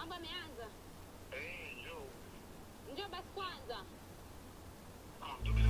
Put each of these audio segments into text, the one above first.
Mambo yameanza. Eh, njoo. Njoo basi kwanza. Ah,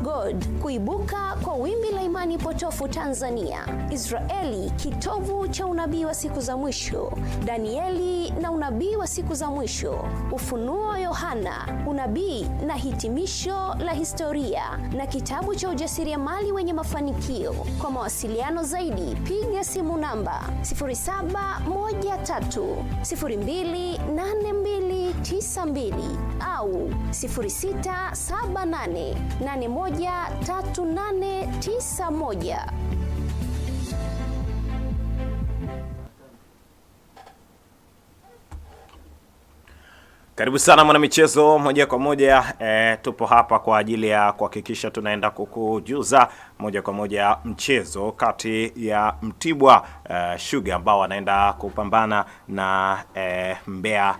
God kuibuka kwa wimbi la imani potofu Tanzania, Israeli kitovu cha unabii wa siku za mwisho, Danieli na unabii wa siku za mwisho, Ufunuo Yohana unabii na hitimisho la historia, na kitabu cha ujasiriamali wenye mafanikio. Kwa mawasiliano zaidi piga simu namba 0713028292 au 0678 karibu sana mwanamichezo, moja kwa moja e, tupo hapa kwa ajili ya kuhakikisha tunaenda kukujuza moja kwa moja mchezo kati ya Mtibwa e, Sugar ambao wanaenda kupambana na e, mbea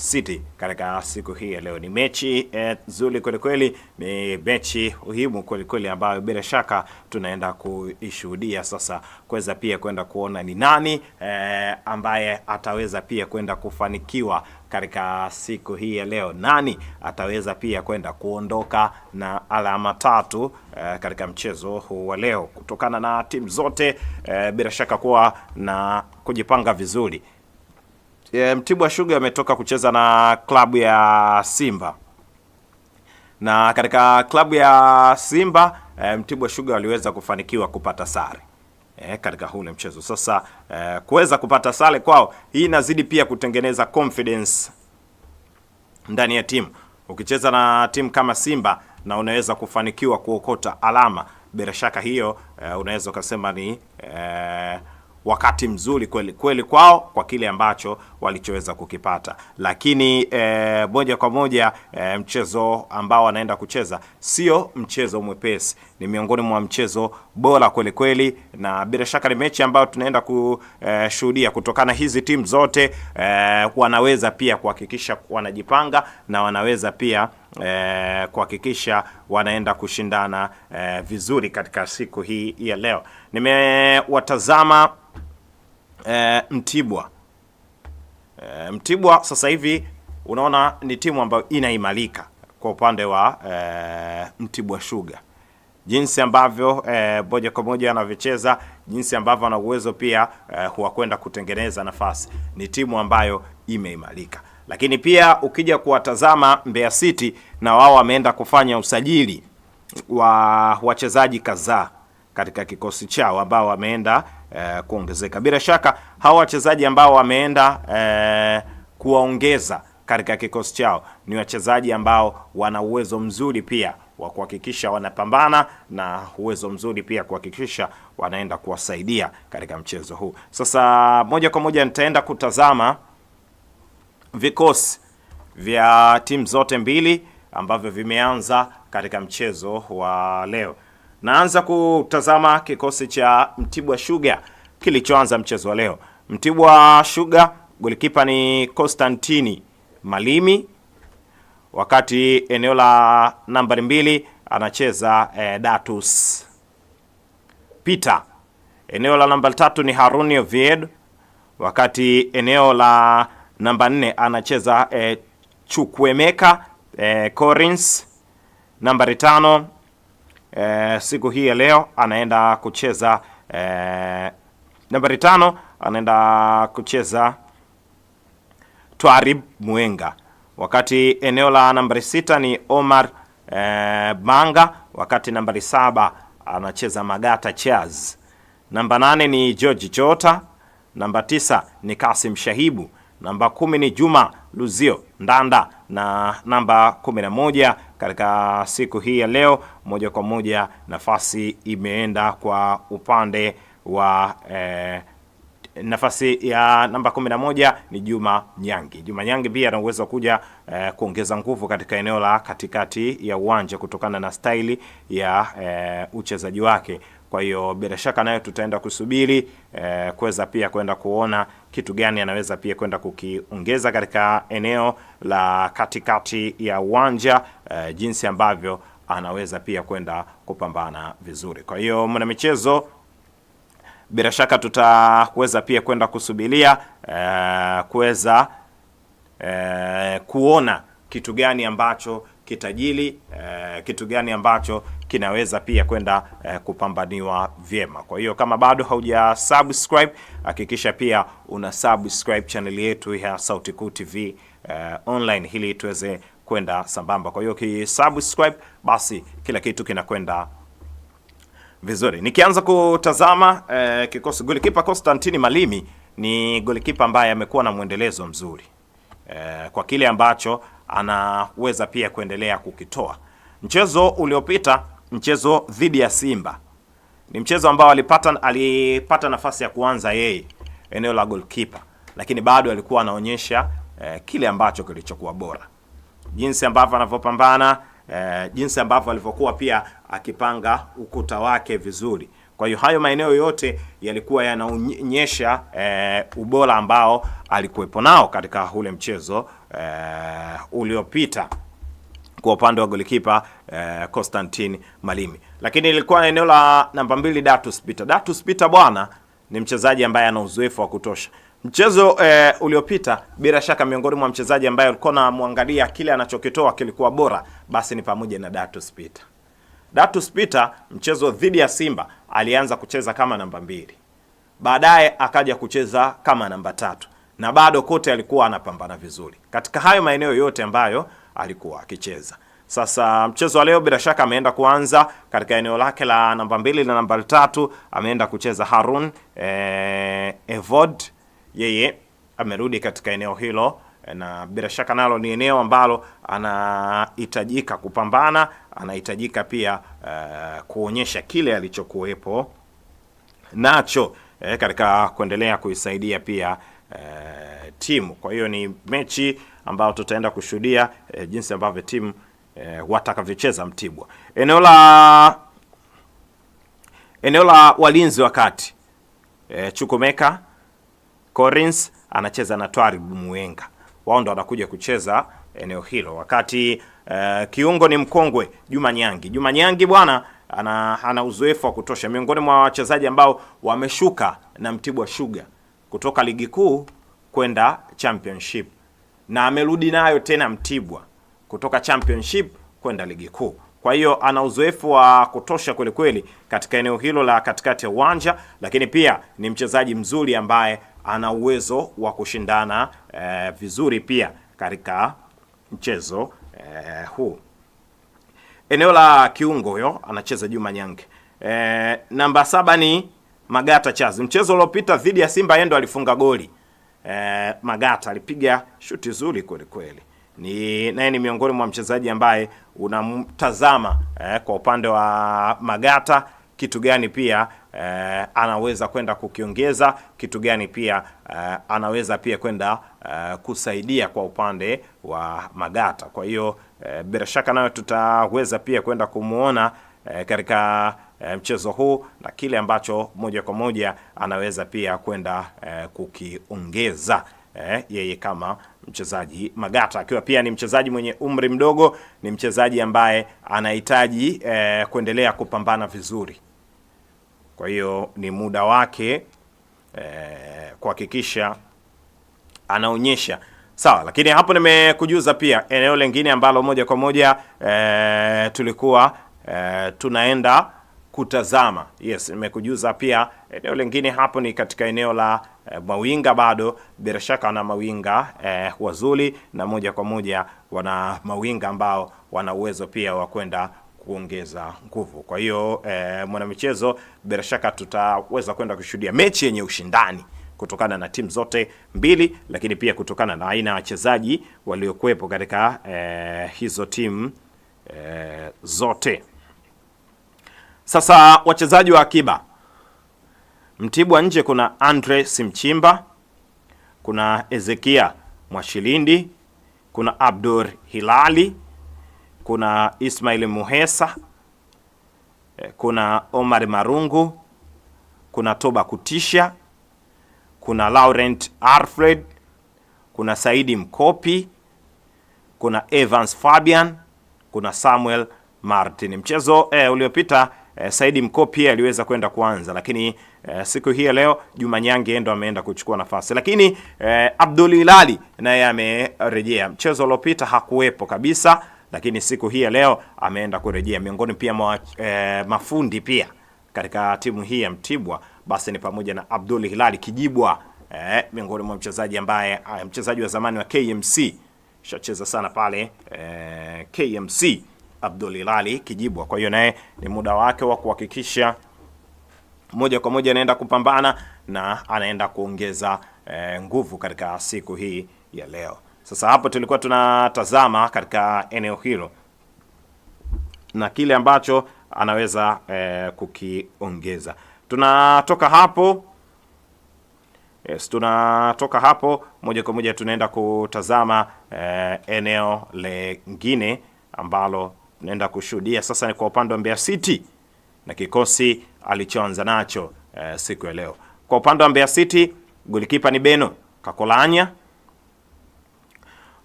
City katika siku hii ya leo. Ni mechi eh, nzuri kweli kweli, ni mechi muhimu kweli kweli ambayo bila shaka tunaenda kuishuhudia sasa, kuweza pia kwenda kuona ni nani eh, ambaye ataweza pia kwenda kufanikiwa katika siku hii ya leo, nani ataweza pia kwenda kuondoka na alama tatu eh, katika mchezo huu wa leo, kutokana na timu zote eh, bila shaka kuwa na kujipanga vizuri e, Mtibwa Sugar ametoka kucheza na klabu ya Simba na katika klabu ya Simba e, Mtibwa Sugar waliweza kufanikiwa kupata sare e, katika hule mchezo sasa. E, kuweza kupata sare kwao, hii inazidi pia kutengeneza confidence ndani ya timu. Ukicheza na timu kama Simba na unaweza kufanikiwa kuokota alama, bila shaka hiyo e, unaweza ukasema ni e, wakati mzuri kweli kweli kwao kwa kile ambacho walichoweza kukipata, lakini e, moja kwa moja e, mchezo ambao wanaenda kucheza sio mchezo mwepesi, ni miongoni mwa mchezo bora kweli kweli, na bila shaka ni mechi ambayo tunaenda kushuhudia eh, kutokana hizi timu zote e, wanaweza pia kuhakikisha wanajipanga na wanaweza pia Eh, kuhakikisha wanaenda kushindana eh, vizuri katika siku hii ya leo. Nimewatazama eh, Mtibwa eh, Mtibwa sasa hivi unaona ni timu ambayo inaimarika kwa upande wa eh, Mtibwa shuga jinsi ambavyo eh, moja kwa moja anavyocheza, jinsi ambavyo ana uwezo pia eh, huwa kwenda kutengeneza nafasi. Ni timu ambayo imeimarika lakini pia ukija kuwatazama Mbeya City na wao wameenda kufanya usajili wa wachezaji kadhaa katika kikosi chao ambao wameenda eh, kuongezeka. Bila shaka hao wachezaji ambao wameenda eh, kuwaongeza katika kikosi chao ni wachezaji ambao wana uwezo mzuri pia wa kuhakikisha wanapambana na uwezo mzuri pia kuhakikisha wanaenda kuwasaidia katika mchezo huu. Sasa moja kwa moja nitaenda kutazama vikosi vya timu zote mbili ambavyo vimeanza katika mchezo wa leo. Naanza kutazama kikosi cha Mtibwa Sugar kilichoanza mchezo wa leo. Mtibwa Sugar golikipa ni Konstantini Malimi, wakati eneo la nambari mbili anacheza eh, Datus Peter. Eneo la nambari tatu ni Haruni Oviedo, wakati eneo la Namba nne anacheza e, eh, Chukwemeka e, eh, corins Nambari tano e, eh, siku hii ya leo anaenda kucheza e, nambari tano anaenda kucheza Twarib Mwenga, wakati eneo la nambari sita ni Omar e, banga wakati nambari saba anacheza Magata Chaz. Namba nane ni George Jota, namba tisa ni Kasim Shahibu namba kumi ni Juma Luzio Ndanda na namba kumi na moja katika siku hii ya leo. Moja kwa moja nafasi imeenda kwa upande wa eh, nafasi ya namba kumi na moja ni Juma Nyangi. Juma Nyangi pia ana uwezo kuja eh, kuongeza nguvu katika eneo la katikati ya uwanja kutokana na staili ya eh, uchezaji wake. Kwa hiyo bila shaka nayo tutaenda kusubiri eh, kuweza pia kwenda kuona kitu gani anaweza pia kwenda kukiongeza katika eneo la katikati ya uwanja eh, jinsi ambavyo anaweza pia kwenda kupambana vizuri. Kwa hiyo michezo bila shaka tutaweza pia kwenda kusubiria eh, kuweza eh, kuona kitu gani ambacho kitajili eh, kitu gani ambacho kinaweza pia kwenda eh, kupambaniwa vyema. Kwa hiyo kama bado hauja subscribe, hakikisha pia una subscribe channel yetu ya Sauti Kuu TV eh, online ili tuweze kwenda sambamba. Kwa hiyo ukisubscribe, basi kila kitu kinakwenda vizuri. Nikianza kutazama eh, kikosi, golikipa Konstantini Malimi ni golikipa ambaye amekuwa na mwendelezo mzuri eh, kwa kile ambacho anaweza pia kuendelea kukitoa. Mchezo uliopita, mchezo dhidi ya Simba, ni mchezo ambao alipata alipata nafasi ya kuanza yeye eneo la goalkeeper, lakini bado alikuwa anaonyesha eh, kile ambacho kilichokuwa bora, jinsi ambavyo anavyopambana eh, jinsi ambavyo alivyokuwa pia akipanga ukuta wake vizuri kwa hiyo hayo maeneo yote yalikuwa yanaonyesha e, ubora ambao alikuwepo nao katika ule mchezo e, uliopita kwa upande wa golikipa eh, Constantine Malimi, lakini ilikuwa eneo la namba mbili Datus Peter. Datus Peter bwana ni mchezaji ambaye ana uzoefu wa kutosha. Mchezo e, uliopita bila shaka miongoni mwa mchezaji ambaye ulikuwa unamwangalia kile anachokitoa kilikuwa bora, basi ni pamoja na Datus Peter. Datus Peter mchezo dhidi ya Simba alianza kucheza kama namba mbili, baadaye akaja kucheza kama namba tatu, na bado kote alikuwa anapambana vizuri katika hayo maeneo yote ambayo alikuwa akicheza. Sasa mchezo wa leo bila shaka ameenda kuanza katika eneo lake la namba mbili na namba tatu, ameenda kucheza Harun eh, Evod, yeye amerudi katika eneo hilo na bila shaka nalo ni eneo ambalo anahitajika kupambana anahitajika pia uh, kuonyesha kile alichokuwepo nacho eh, katika kuendelea kuisaidia pia uh, timu. Kwa hiyo ni mechi ambayo tutaenda kushuhudia eh, jinsi ambavyo timu eh, watakavyocheza Mtibwa. Eneo la eneo la walinzi wa kati eh, Chukumeka Collins anacheza na Twari Muenga, wao ndo wanakuja kucheza eneo hilo wakati Uh, kiungo ni mkongwe Juma Nyangi. Juma Nyangi bwana ana, ana uzoefu wa kutosha, miongoni mwa wachezaji ambao wameshuka na Mtibwa Sugar kutoka ligi kuu kwenda championship na amerudi nayo tena Mtibwa kutoka championship kwenda ligi kuu. Kwa hiyo ana uzoefu wa kutosha kweli kweli katika eneo hilo la katikati ya uwanja, lakini pia ni mchezaji mzuri ambaye ana uwezo wa kushindana eh, vizuri pia katika mchezo eh, huu eneo la kiungo huyo anacheza Juma Nyange. Eh, namba saba ni Magata Chazi. Mchezo uliopita dhidi ya Simba yendo alifunga goli eh, Magata alipiga shuti zuri kweli kweli, ni naye ni miongoni mwa mchezaji ambaye unamtazama eh, kwa upande wa Magata kitu gani pia eh, anaweza kwenda kukiongeza, kitu gani pia eh, anaweza pia kwenda eh, kusaidia kwa upande wa Magata. Kwa hiyo eh, bila shaka nayo tutaweza pia kwenda kumwona eh, katika eh, mchezo huu na kile ambacho moja kwa moja anaweza pia kwenda eh, kukiongeza eh, yeye kama mchezaji Magata akiwa pia ni mchezaji mwenye umri mdogo, ni mchezaji ambaye anahitaji eh, kuendelea kupambana vizuri. Kwa hiyo ni muda wake eh, kuhakikisha anaonyesha sawa. Lakini hapo nimekujuza pia eneo lingine ambalo moja kwa moja eh, tulikuwa eh, tunaenda kutazama. Yes, nimekujuza pia eneo lingine hapo ni katika eneo la eh, mawinga. Bado bila shaka wana mawinga eh, wazuri, na moja kwa moja wana mawinga ambao wana uwezo pia wa kwenda kuongeza nguvu. Kwa hiyo e, mwanamichezo, bila shaka tutaweza kwenda kushuhudia mechi yenye ushindani kutokana na timu zote mbili, lakini pia kutokana na aina ya wachezaji waliokuwepo katika e, hizo timu e, zote. Sasa wachezaji wa akiba Mtibwa nje kuna Andre Simchimba, kuna Ezekia Mwashilindi, kuna Abdur Hilali kuna Ismail Muhesa, eh, kuna Omar Marungu, kuna Toba Kutisha, kuna Laurent Alfred, kuna Saidi Mkopi, kuna Evans Fabian, kuna Samuel Martin. Mchezo eh, uliopita eh, Saidi Mkopi aliweza kwenda kuanza, lakini eh, siku hii leo Juma Nyange ndo ameenda kuchukua nafasi, lakini eh, Abdul Hilali naye amerejea. Mchezo uliopita hakuwepo kabisa lakini siku hii ya leo ameenda kurejea. Miongoni pia mwa, eh, mafundi pia katika timu hii ya Mtibwa basi ni pamoja na Abdul Hilali Kijibwa eh, miongoni mwa mchezaji ambaye eh, mchezaji wa zamani wa KMC shacheza sana pale eh, KMC Abdul Hilali Kijibwa. Kwa hiyo naye ni muda wake wa kuhakikisha moja kwa moja anaenda kupambana na anaenda kuongeza eh, nguvu katika siku hii ya leo. Sasa hapo tulikuwa tunatazama katika eneo hilo na kile ambacho anaweza e, kukiongeza. Tunatoka hapo yes, tunatoka hapo moja kwa moja tunaenda kutazama e, eneo lengine ambalo tunaenda kushuhudia sasa ni kwa upande wa Mbeya City na kikosi alichoanza nacho e, siku ya leo. Kwa upande wa Mbeya City golikipa ni Beno Kakolanya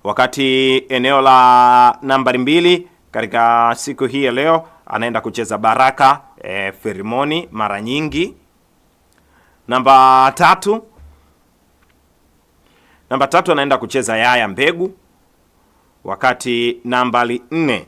wakati eneo la nambari mbili katika siku hii ya leo anaenda kucheza Baraka e, eh, Ferimoni mara nyingi. Namba tatu, namba tatu anaenda kucheza Yaya Mbegu, wakati nambari nne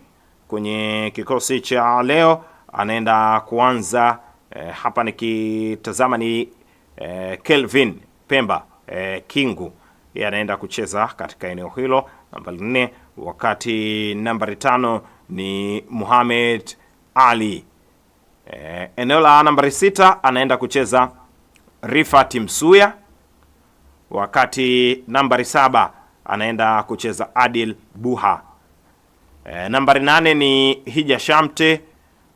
kwenye kikosi cha leo anaenda kuanza e, hapa nikitazama ni e, Kelvin Pemba e, Kingu yanaenda kucheza katika eneo hilo, nambari nne, wakati nambari tano ni Muhamed Ali. E, eneo la nambari sita anaenda kucheza Rifat Msuya, wakati nambari saba anaenda kucheza Adil Buha. E, nambari nane ni Hija Shamte,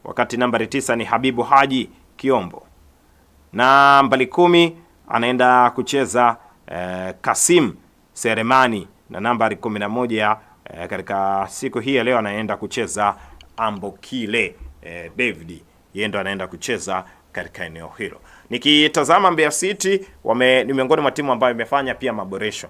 wakati nambari tisa ni Habibu Haji Kiombo, na nambari kumi anaenda kucheza eh, Kasim Seremani na nambari 11 eh, katika siku hii ya leo anaenda kucheza Ambokile eh, David yeye ndo anaenda kucheza katika eneo hilo. Nikitazama Mbeya City wame, ni miongoni mwa timu ambayo imefanya pia maboresho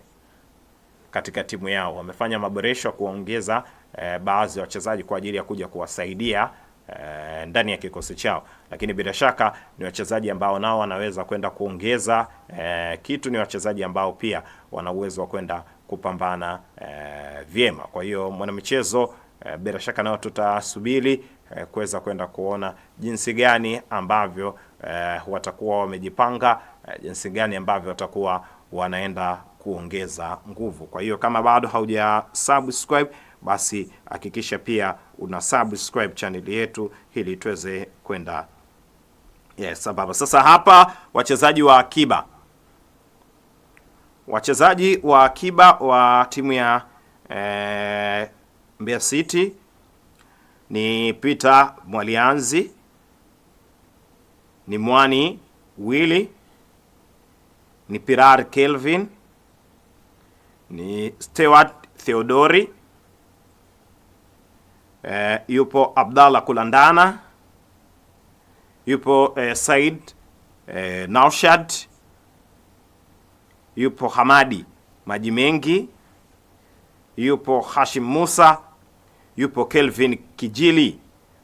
katika timu yao, wamefanya maboresho kuongeza eh, baadhi ya wachezaji kwa ajili ya kuja kuwasaidia e, ndani ya kikosi chao, lakini bila shaka ni wachezaji ambao nao wanaweza kwenda kuongeza e, kitu. Ni wachezaji ambao pia wana uwezo wa kwenda kupambana e, vyema. Kwa hiyo mwanamichezo e, bila shaka nao tutasubiri e, kuweza kwenda kuona jinsi gani ambavyo e, watakuwa wamejipanga e, jinsi gani ambavyo watakuwa wanaenda kuongeza nguvu. Kwa hiyo kama bado hauja subscribe basi hakikisha pia una subscribe channel yetu ili tuweze kwenda yes, sababu Sasa hapa wachezaji wa akiba wachezaji wa akiba wa timu ya e, Mbeya City ni Peter Mwalianzi, ni Mwani Willy, ni Pirar Kelvin, ni Stewart Theodori eh, yupo Abdallah Kulandana, yupo eh, Said eh, Naushad, yupo Hamadi Maji Mengi, yupo Hashim Musa, yupo Kelvin Kijili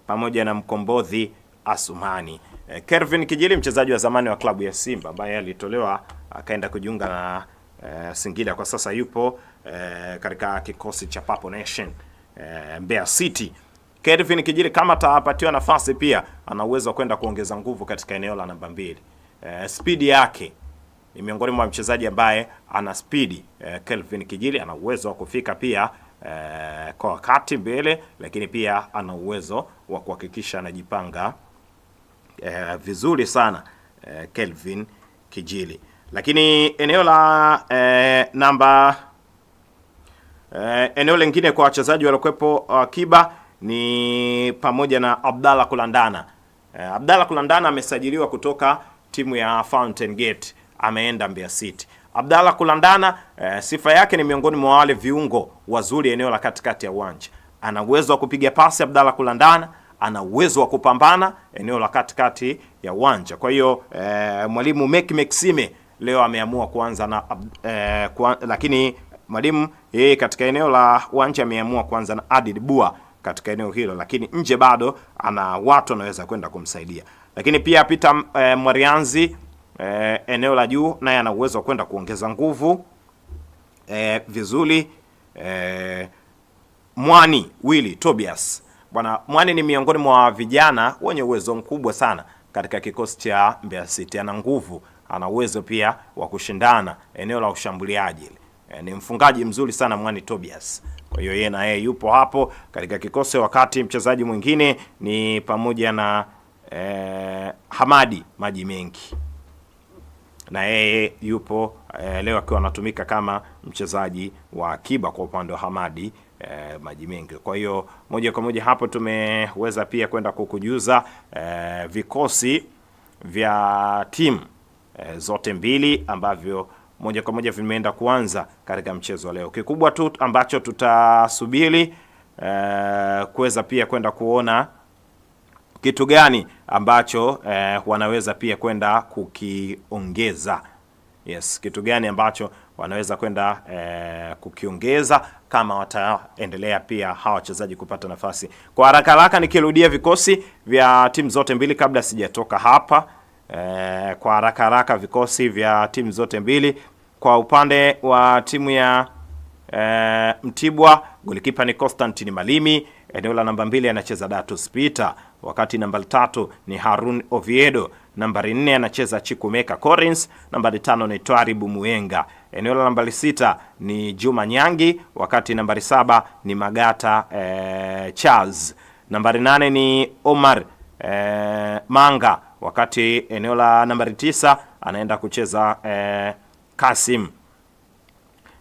pamoja na Mkombozi Asumani. eh, Kelvin Kijili mchezaji wa zamani wa klabu ya Simba ambaye alitolewa akaenda kujiunga na eh, Singida, kwa sasa yupo eh, katika kikosi cha Papo Nation e, Mbeya City. Kelvin Kijili kama atapatiwa nafasi pia ana uwezo kwenda kuongeza nguvu katika eneo la namba mbili. E, eh, spidi yake ni miongoni mwa mchezaji ambaye ana spidi e, eh, Kelvin Kijili ana uwezo wa kufika pia e, kwa wakati mbele, lakini pia ana uwezo wa kuhakikisha anajipanga e, vizuri sana e, Kelvin Kijili. Lakini eneo la e, namba Eh, eneo lingine kwa wachezaji waliokuwepo akiba uh, ni pamoja na Abdalla Kulandana. Eh, Abdalla Kulandana amesajiliwa kutoka timu ya Fountain Gate, ameenda Mbeya City. Abdalla Kulandana eh, sifa yake ni miongoni mwa wale viungo wazuri eneo la katikati ya uwanja. Ana uwezo wa kupiga pasi Abdalla Kulandana, ana uwezo wa kupambana eneo la katikati ya uwanja. Kwa hiyo eh, mwalimu Mek leo ameamua kuanza na eh, kuan, lakini mwalimu yeye eh, katika eneo la uwanja ameamua kwanza na Adid Bua katika eneo hilo, lakini nje bado ana watu anaweza kwenda kumsaidia, lakini pia Peter e, Mwarianzi e, eneo la juu naye ana uwezo wa kwenda kuongeza nguvu e, vizuri e, Mwani Willy Tobias bwana Mwani ni miongoni mwa vijana wenye uwezo mkubwa sana katika kikosi cha Mbeya City, ana nguvu, ana uwezo pia wa kushindana eneo la ushambuliaji. E, ni mfungaji mzuri sana Mwani Tobias. Kwa hiyo yeye na yeye yupo hapo katika kikosi, wakati mchezaji mwingine ni pamoja na e, Hamadi Maji Mengi na yeye yupo e, leo akiwa anatumika kama mchezaji wa akiba kwa upande wa Hamadi e, Maji Mengi. Kwa hiyo moja kwa moja hapo tumeweza pia kwenda kukujuza e, vikosi vya timu e, zote mbili ambavyo moja kwa moja vimeenda kuanza katika mchezo wa leo. Kikubwa tu ambacho tutasubiri uh, kuweza pia kwenda kuona kitu gani ambacho uh, wanaweza pia kwenda kukiongeza. Yes, kitu gani ambacho wanaweza kwenda eh, kukiongeza kama wataendelea pia hawa wachezaji kupata nafasi. Kwa haraka haraka nikirudia vikosi vya timu zote mbili kabla sijatoka hapa eh, kwa haraka haraka vikosi vya timu zote mbili. Kwa upande wa timu ya eh, Mtibwa golikipa ni Constantine Malimi, eneo la namba mbili anacheza Datus Peter, wakati namba tatu ni Harun Oviedo, nambari nne anacheza Chikumeka Collins, nambari tano ni Twaribu Muenga, eneo la nambari sita ni Juma Nyangi, wakati nambari saba ni Magata eh, Charles, nambari nane ni Omar eh, Manga wakati eneo la nambari tisa anaenda kucheza eh, Kasim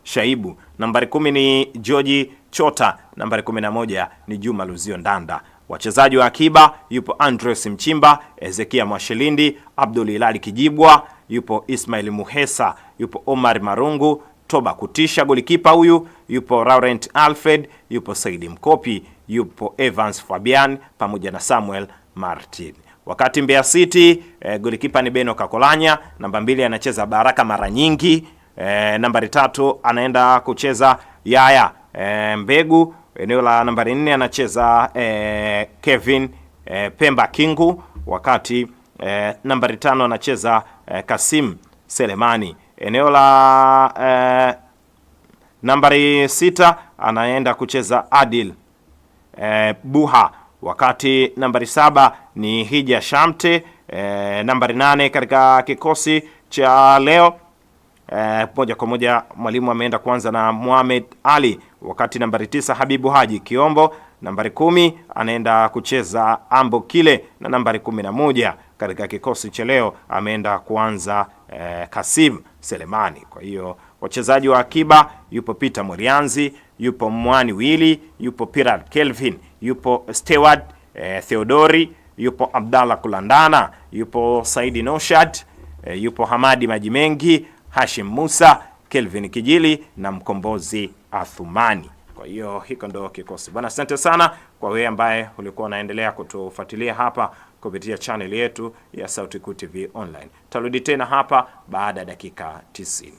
Shaibu, nambari kumi ni George Chota, nambari kumi na moja ni Juma Luzio Ndanda. Wachezaji wa akiba yupo Andres Mchimba, Ezekia Mwashilindi, Abdul Hilali Kijibwa, yupo Ismail Muhesa, yupo Omar Marungu, Toba Kutisha golikipa huyu, yupo Laurent Alfred, yupo Saidi Mkopi, yupo Evans Fabian pamoja na Samuel Martin. Wakati Mbeya City e, eh, golikipa ni Beno Kakolanya, namba mbili anacheza Baraka mara nyingi e, nambari tatu anaenda kucheza Yaya e, Mbegu. Eneo la nambari nne anacheza e, Kevin e, Pemba Kingu, wakati e, nambari tano anacheza e, Kasim Selemani. Eneo la e, nambari sita anaenda kucheza Adil e, Buha, wakati nambari saba ni Hija Shamte e, eh, nambari nane katika kikosi cha leo. E, moja kwa moja mwalimu ameenda kwanza na Mohamed Ali, wakati nambari tisa Habibu Haji Kiombo, nambari kumi anaenda kucheza Ambo Kile na nambari kumi na moja katika kikosi cha leo ameenda kuanza e, Kasim Selemani. Kwa hiyo wachezaji wa akiba yupo Peter Morianzi, yupo Mwani wili yupo Pirat Kelvin, yupo Steward e, Theodori yupo Abdallah Kulandana, yupo Saidi noshat e, yupo Hamadi Maji Mengi, Hashim Musa, Kelvin Kijili na Mkombozi Athumani. Kwa hiyo hiko ndo kikosi bwana. Asante sana kwa wewe ambaye ulikuwa unaendelea kutufuatilia hapa kupitia channel yetu ya Kuu TV Online. Tarudi tena hapa baada ya dakika tisini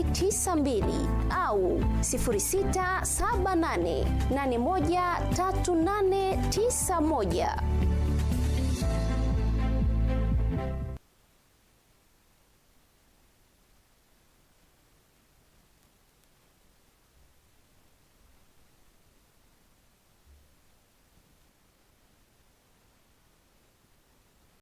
92 au 0678813891.